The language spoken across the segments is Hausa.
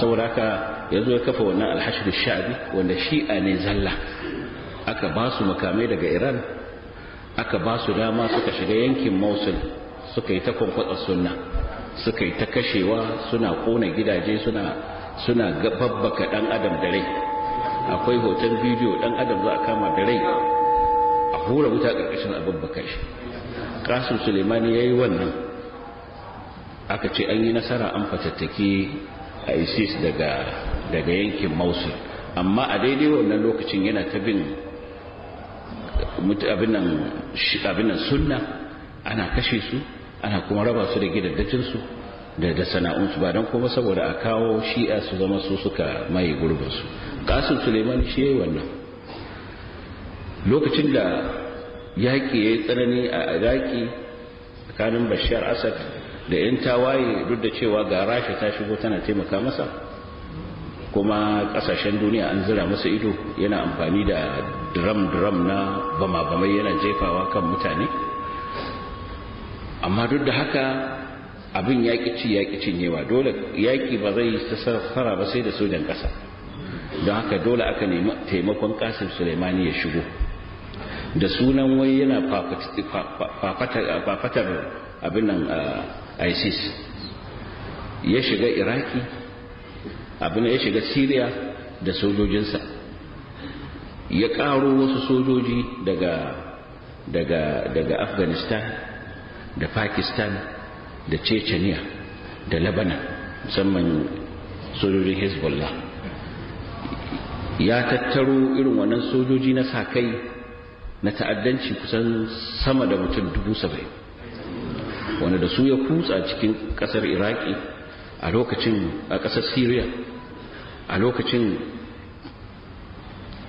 saboda haka zo ya kafa wannan alhashir sha'abi wanda shi'a ne zalla aka ba su makamai daga iran aka ba su dama suka shiga yankin mosul suka yi ta kwankwatsa sunna suka yi ta kashewa suna kona gidaje suna suna babbaka dan adam da rai akwai hoton bidiyo ɗan adam za a kama da rai a hura wuta karkashin abubbaka shi kasu suleimani ya yi wannan aka ce an yi nasara an fatattaki a isis daga daga yankin mosul amma a daidai wannan lokacin yana ta bin abinan sunna ana kashe su ana kuma raba su da gidaddacinsu da da sana'unsu ba don kuma saboda a kawo shi'a su zama su suka mai gurbinsu kasin suleiman shi ya yi wannan lokacin da yaƙi ya yi tsanani a iraki tsakanin bashar asad da 'yan tawaye duk da cewa ga rasha ta shigo tana taimaka masa kuma kasashen duniya an zira masa ido yana amfani da drum-drum na bama-bamai yana jefawa kan mutane amma duk da haka abin yaƙici yaƙicin yawa dole yaƙi ba zai sassara ba sai da sojan ƙasa don haka dole aka nemi taimakon kasim suleimani ya shigo da sunan wai yana fafatar abin nan ah, isis ya shiga iraki abin ya shiga syria da sojojinsa ya karo wasu sojoji daga daga daga afghanistan da pakistan da chechnya da lebanon musamman sojojin hezbollah ya tattaro irin wannan sojoji na sakai na ta'addanci kusan sama da mutum dubu saba'in wanda da su ya kutsa cikin kasar iraki a lokacin a kasar syria a lokacin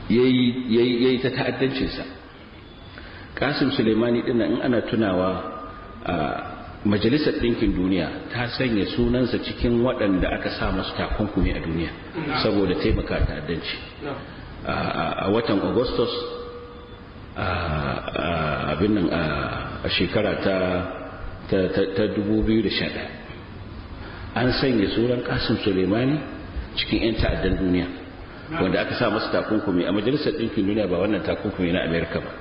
ya yi ta ta'addancinsa kasim suleimani ɗin in ana tunawa a majalisar ɗinkin duniya ta sanya sunansa cikin waɗanda aka sa masu takunkumi a duniya saboda taimaka ta'addanci a watan augustus abin nan a shekara ta ta 2011 an sanya suran kasim suleimani cikin 'yan ta'addan duniya wanda aka sa masu takunkumi a majalisar ɗinkin duniya ba wannan takunkumi na amerika ba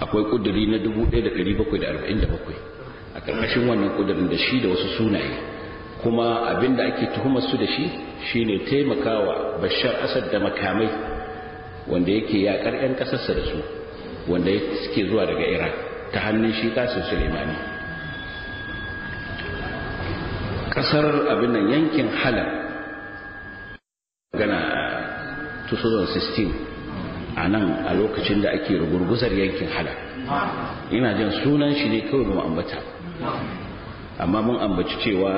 akwai ƙuduri na 1747 a ƙarƙashin wannan ƙudurin da shi da wasu sunaye kuma abinda ake tuhumar su da shi shine taimakawa bashar asad da makamai wanda yake yakar 'yan ƙasarsa da su wanda suke zuwa daga iran. ta hannun shi kasin sulemani kasar abin nan yankin halar gana 2016 a nan a lokacin da ake rugurguzar yankin halar ina jin sunan shi ne kawai mu ambata amma mun ambaci cewa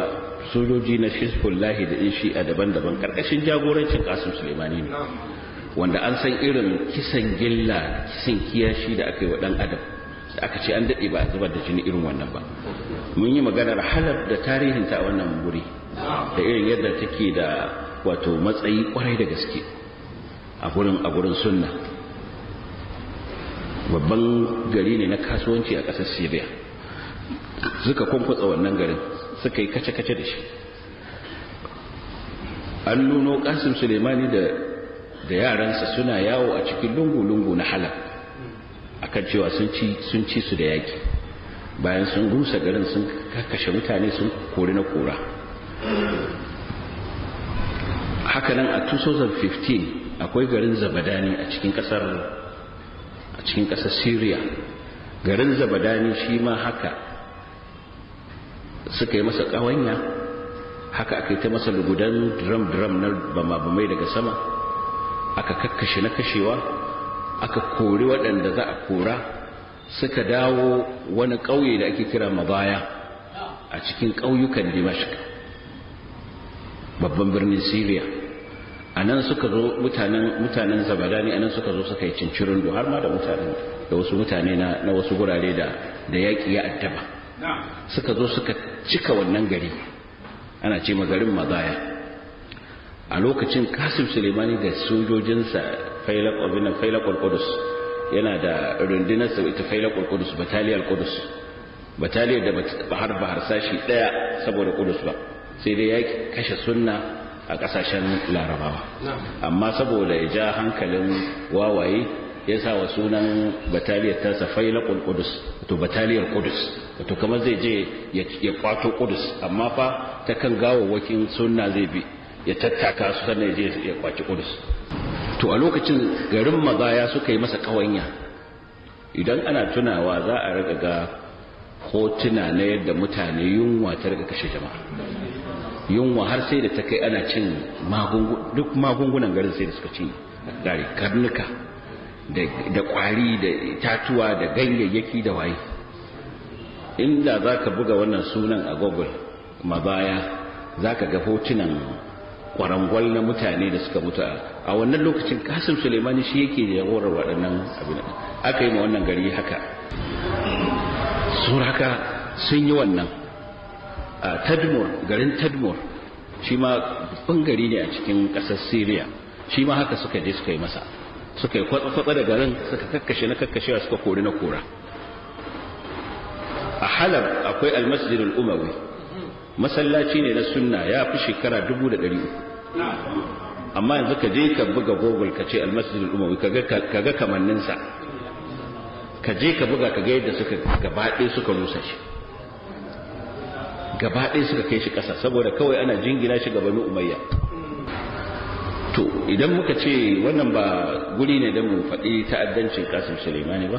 sojoji na lahi da in a daban-daban karkashin jagorancin kasim sulemani ne wanda an san irin kisan gilla kisan kiyashi da aka yi wa ɗan adam Da aka ce an daɗe ba a zubar da jini irin wannan ba mun yi maganar halar da tarihinta a wannan guri. da irin yadda take da wato matsayi kwarai da gaske a gurin a gurin sunna babban gari ne na kasuwanci a ƙasar syria suka kwankwatsa wannan garin suka yi kace-kace da shi an nuno kasim Suleimani da yaransa suna yawo a cikin lungu-lungu na halar akan cewa sun ci su da yaki bayan sun rusa garin sun kakashe mutane sun kori na kora haka nan a 2015 akwai garin zabadani a cikin kasar a Syria garin zabadani shi ma haka suka yi masa ƙawanya haka aka yi ta masa lugudan drum drum na bama bamai daga sama aka kakkashe na kashewa aka kori waɗanda za a kora suka dawo wani ƙauye da ake kira mabaya a cikin ƙauyukan dimashik babban birnin syria a nan suka zo mutanen zabadani a nan suka zo suka yi cincirin har ma da mutanen da wasu mutane na wasu gurare da yaƙi ya addaba suka zo suka cika wannan gari ana ce garin mazaya a lokacin kasim sulemani da sojojinsa failak yana da rundunar ita failakul bataliyar kudus bataliyar da ba har ba harsashi daya saboda kudus ba sai dai ya kashe sunna a kasashen larabawa amma saboda ya ja hankalin wawaye ya sa wa sunan bataliyar tasa failakul kudus wato bataliyar kudus wato kamar zai je ya kwato kudus amma fa ta kan wakin sunna zai bi ya tattaka su sannan ya je ya kwaci kudus to a lokacin garin mazaya suka yi masa ƙawanya idan ana tunawa za a riga ga hotuna na yadda mutane yunwa ta riga kashe jama'a yunwa har sai da ta kai ana cin duk magungunan garin sai da suka ci dare karnuka da kwari da tatuwa da ganyayyaki da waye inda za ka buga wannan sunan a google mabaya za ka ga hotunan kwarangwal na mutane da suka mutu a a wannan lokacin kasim suleimani shi yake jagorar waɗannan abin aka yi ma wannan gari haka sun haka sun yi wannan a tadmur garin tadmur shi ma bangare ne a cikin ƙasar syria shi ma haka suka je suka yi masa suka yi kwatsa da garin suka kakkashe na kakkashewa suka kori na kora a halab akwai almasjid al'umawi masallaci ne na sunna ya fi shekara dubu da ɗari amma yanzu ka je ka buga google ka ce almasjid al-umawi ka ga kamanninsa ka je ka buga ka ga yadda suka gabaɗe suka rusa shi gabaɗe suka kai shi ƙasa saboda kawai ana jingina shi gaba banu umayya to idan muka ce wannan ba guri ne don mu faɗi ta'addancin kasim sulaimani ba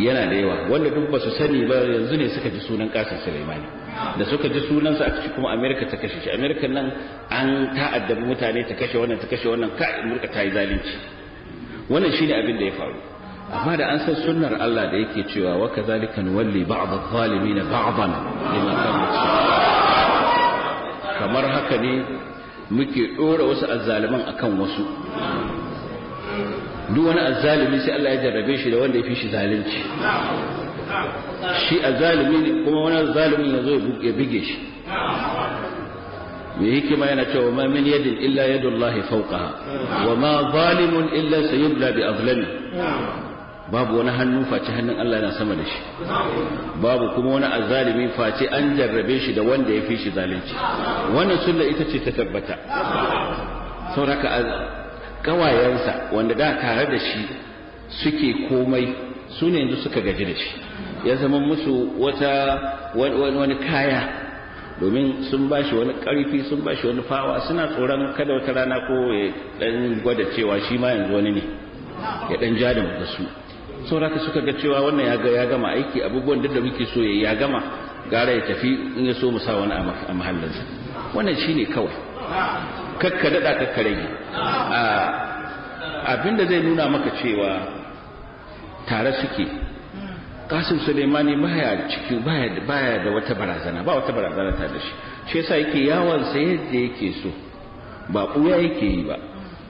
yana da yawa wanda duk ba su sani ba yanzu ne suka ji sunan kasim sulaimani. da suka ji sunansa aka ci kuma amerika ta kashe shi amerika nan an ta'addabi mutane ta kashe wannan ta kashe wannan ka amurka ta yi zalunci wannan shine abin da ya faru amma da an san sunnar Allah da yake cewa wa kazalika nuwalli ba'd adh-dhalimin ba'dan lima kanu kamar haka ne muke dora wasu azzaliman akan wasu duk wani azzalimi sai Allah ya jarrabe shi da wanda ya fi shi zalunci shi a zalimi ne kuma wani zalimin ya zo ya buge shi mai hikima yana cewa ma min yadin illa yadullahi fawqaha wa ma zalimun illa sayubla bi azlami babu wani hannu face hannun Allah yana sama da shi babu kuma wani azalimi face an jarrabe shi da wanda ya fi shi zalunci wannan sunna ita ce ta tabbata sauraka kawayensa wanda da tare da shi suke komai su ne yanzu suka gaji da shi ya zama musu wata wani kaya domin sun ba shi wani karfi sun ba shi wani fawa suna tsoron kada wata rana ko ya dan gwada cewa shi ma yanzu wani ne ya ɗan ja da su sauraka suka ga cewa wannan ya gama aiki abubuwan duk da muke so ya gama gara ya tafi in ya so mu sa wani a mahallinsa wannan shine kawai kakka daɗa kakka rage ah, abinda zai nuna maka cewa tare suke kasim Sulemani baya ciki baya da wata barazana ba wata barazana ta da shi shi yasa yake yawon sa yadda yake so ba kuya yake yi ba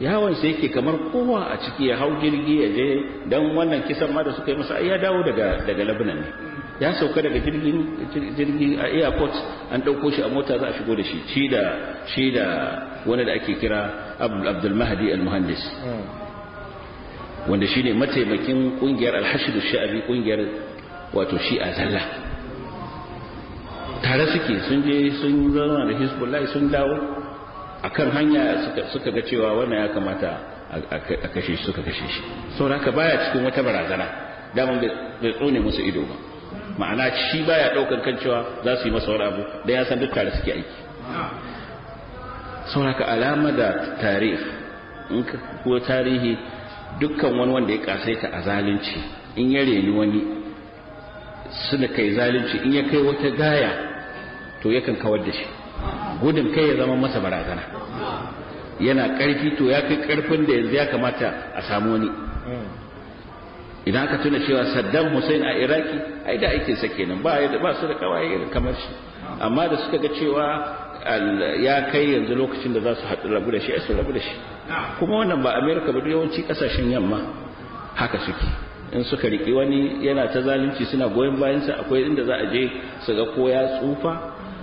yawon sa yake kamar kowa a ciki ya hau jirgi ya je dan wannan kisan ma da suka yi masa ai ya dawo daga daga ne ya sauka daga jirgin jirgi a airport an dauko shi a mota za a shigo da shi shi da shi da wani da ake kira Abdul Mahdi al-Muhandis hmm. wanda shine mataimakin kungiyar alhashidu sha'abi kungiyar wato shi'a zalla tare suke sun je sun zama da hezbollah sun dawo a kan hanya suka ga cewa wannan ya kamata a kashe shi suka kashe shi saboda baya cikin wata barazana damar bai tsone musu ido ba ma'ana shi baya daukan kan cewa za su yi masa wani abu da ya san duk tare suke aiki saboda alama da tarihi in ko tarihi dukkan wani wanda ya kasaita a zalunci in ya reni wani suna kai zalunci in ya kai wata gaya to yakan kawar da shi gudun kai ya zama masa barazana yana karfi to ya kai karfin da yanzu ya kamata a samu wani idan aka tuna cewa saddam hussein a iraki ai da aikinsa kenan ba ba su da kawai kamar shi amma da suka ga cewa ya kai yanzu lokacin da za su haɗu rabu da shi su rabu da shi kuma wannan ba amerika ba yawanci kasashen yamma haka suke in suka riƙi wani yana ta zalunci suna goyon bayansa akwai inda za a je su ga ko ya tsufa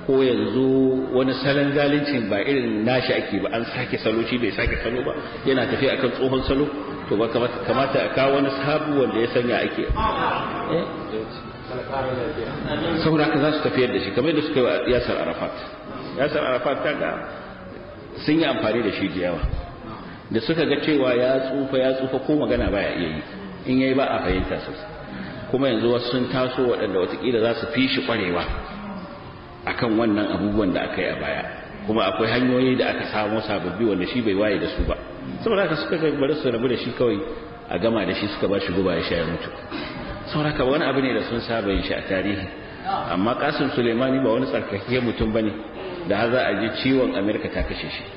ko yanzu wani salon zaluncin ba irin nashi ake ba an sake salo shi bai sake salo ba yana tafiya akan tsohon salo to ba kamata a kawo wani sabu wanda ya sanya ake eh? saboda haka za su tafiyar da shi kamar yadda suka yi wa yasar arafat yasar arafat ta ga sun yi amfani da shi da yawa da suka ga cewa ya tsufa ya tsufa ko magana baya iya yi in yayi ba a fahimta sosai kuma yanzu wasu sun taso waɗanda watakila za su fi shi ƙwarewa akan wannan abubuwan da aka yi a baya kuma akwai hanyoyi da aka samo sababbi wanda shi bai waye da su ba saboda haka suka ga bari su rabu da shi kawai a gama da shi suka ba shi guba ya sha ya mutu saboda haka wani abu ne da sun saba yin shi a tarihi amma kasim suleimani ba wani tsarkakiyar mutum ba ne da har za a ji ciwon amerika ta kashe shi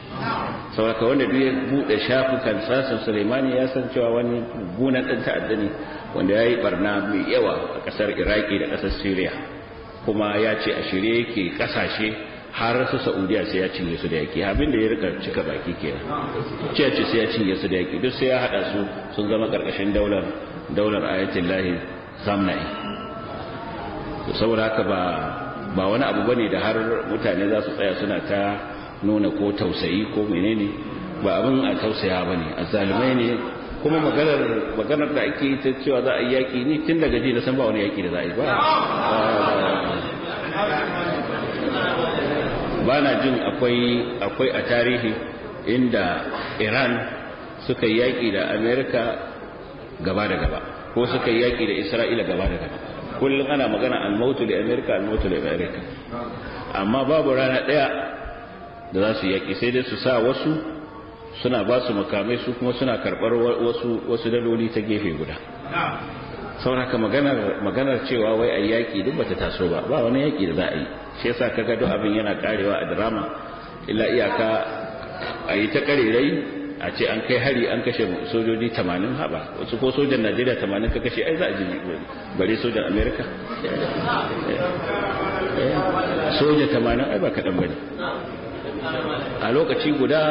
sauraka wanda duk ya buɗe shafukan sassan sulaimani ya san cewa wani gunan ɗan ta'adda ne wanda ya yi barna mai yawa a ƙasar iraki da ƙasar syria kuma ya ce a shirye yake ƙasashe har su saudiya sai ya cinye su da yaƙi abin ya rika cika baki kenan ce ce sai ya cinye su da yaƙi duk sai ya haɗa su sun zama ƙarƙashin daular daular lahi zamnai saboda haka ba ba wani abu bane da har mutane za su tsaya suna ta nuna ko tausayi ko menene ba abin a tausaya ba ne a zalimai ne kuma maganar maganar da ake ta cewa za a yi yaƙi ni tun daga ji na san ba wani yaƙi da za a yi ba ba na jin akwai akwai a tarihi inda iran suka yi yaƙi da amerika gaba da gaba ko suka yi yaƙi da isra'ila gaba da gaba kullum ana magana almautu da amerika almautu da amerika amma babu rana ɗaya da za su yaƙi sai dai su sa wasu suna ba su makamai su kuma suna karɓar wasu daloli ta gefe guda sauraka maganar maganar cewa wai a yaƙi duk bata taso ba ba wani yaƙi da za a yi shi yasa ka gado abin yana karewa a drama illa iyaka a yi ta karerai a ce an kai hari an kashe sojoji tamanin haɓa wasu ko sojan najeriya tamanin ka kashe ai za a ji bare sojan amerika eh, eh, soja tamanin ai ba kaɗan ba ne a lokaci guda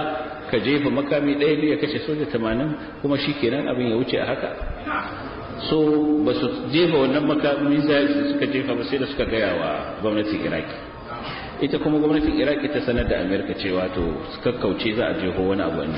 ka jefa makami ɗaya ne ya kashe soja tamanin kuma shi kenan abin ya wuce a haka so ba su jefa wannan makami zai suka jefa ba sai da suka gaya wa gwamnatin iraki ita kuma gwamnatin iraki ta sanar da amerika cewa to suka kauce za a jefa wani abu ne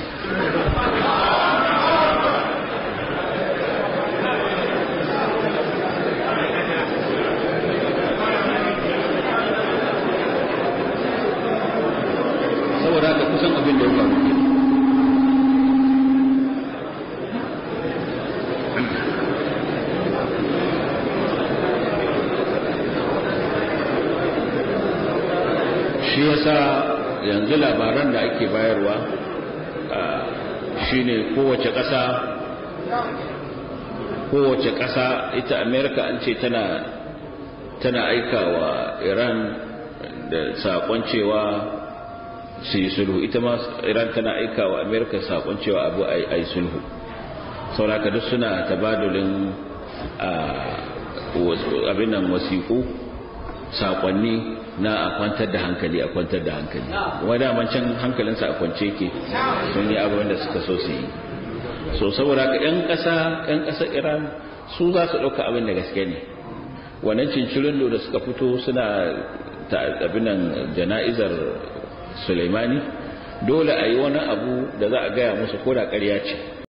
shi yasa yanzu labaran da ake bayarwa shine kowace ƙasa kowace ƙasa ita amerika an ce tana tana aikawa iran da saƙon cewa su yi sulhu ita ma iran tana aikawa amerika saƙon cewa abu a yi sulhu sauraka duk suna tabadulin abinan wasiƙu saƙonni na a kwantar da hankali a kwantar da hankali wadda mancan hankalinsa a kwance ke sun yi abin da suka so su yi so saboda ka yan kasa yan kasa iran su za su ɗauka abin da gaske ne wannan cincirin da suka fito suna abin nan jana'izar sulaimani dole a yi wani abu da za a gaya musu ko da ƙarya ce